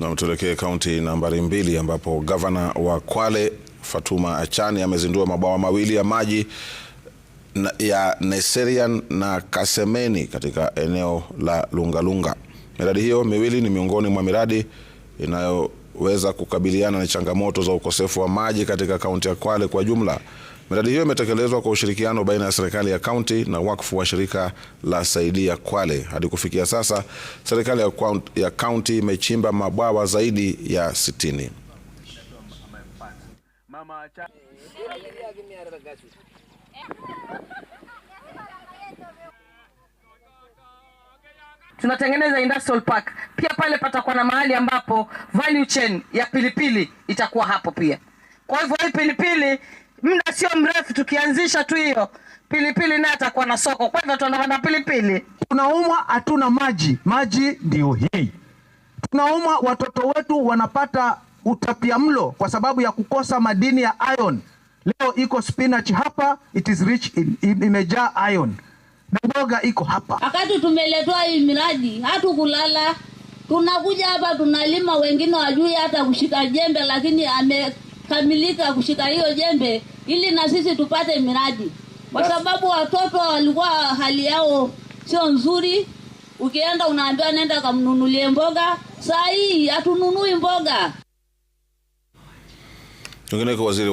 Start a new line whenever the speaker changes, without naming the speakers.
Na tuelekee kaunti nambari mbili ambapo gavana wa Kwale Fatuma Achani amezindua mabwawa mawili ya maji ya Neserian na Kasemeni katika eneo la Lungalunga. Miradi hiyo miwili ni miongoni mwa miradi inayoweza kukabiliana na changamoto za ukosefu wa maji katika kaunti ya Kwale kwa jumla. Miradi hiyo imetekelezwa kwa ushirikiano baina ya serikali ya kaunti na wakfu wa shirika la Saidia Kwale. Hadi kufikia sasa, serikali ya kaunti imechimba mabwawa zaidi ya sitini.
Tunatengeneza industrial park pia, pale patakuwa na mahali ambapo value chain ya pilipili itakuwa hapo pia. Kwa hivyo hii pilipili muda sio mrefu tukianzisha tu hiyo pilipili naye atakuwa na soko. Kwa hivyo na pilipili.
Tunaumwa, hatuna maji. Maji ndio hii. Tunaumwa, watoto wetu wanapata utapia mlo kwa sababu ya kukosa madini ya iron. Leo iko spinach hapa, it is rich in, in, imejaa iron na mboga iko hapa.
Wakati tumeletwa hii miradi, hatukulala, tunakuja hapa tunalima, wengine wajui hata kushika jembe, lakini ame kamilika kushika hiyo jembe ili na sisi tupate miradi, kwa sababu watoto walikuwa hali yao sio nzuri. Ukienda unaambiwa nenda kamnunulie mboga, saa hii hatununui mboga. Wengineko waziri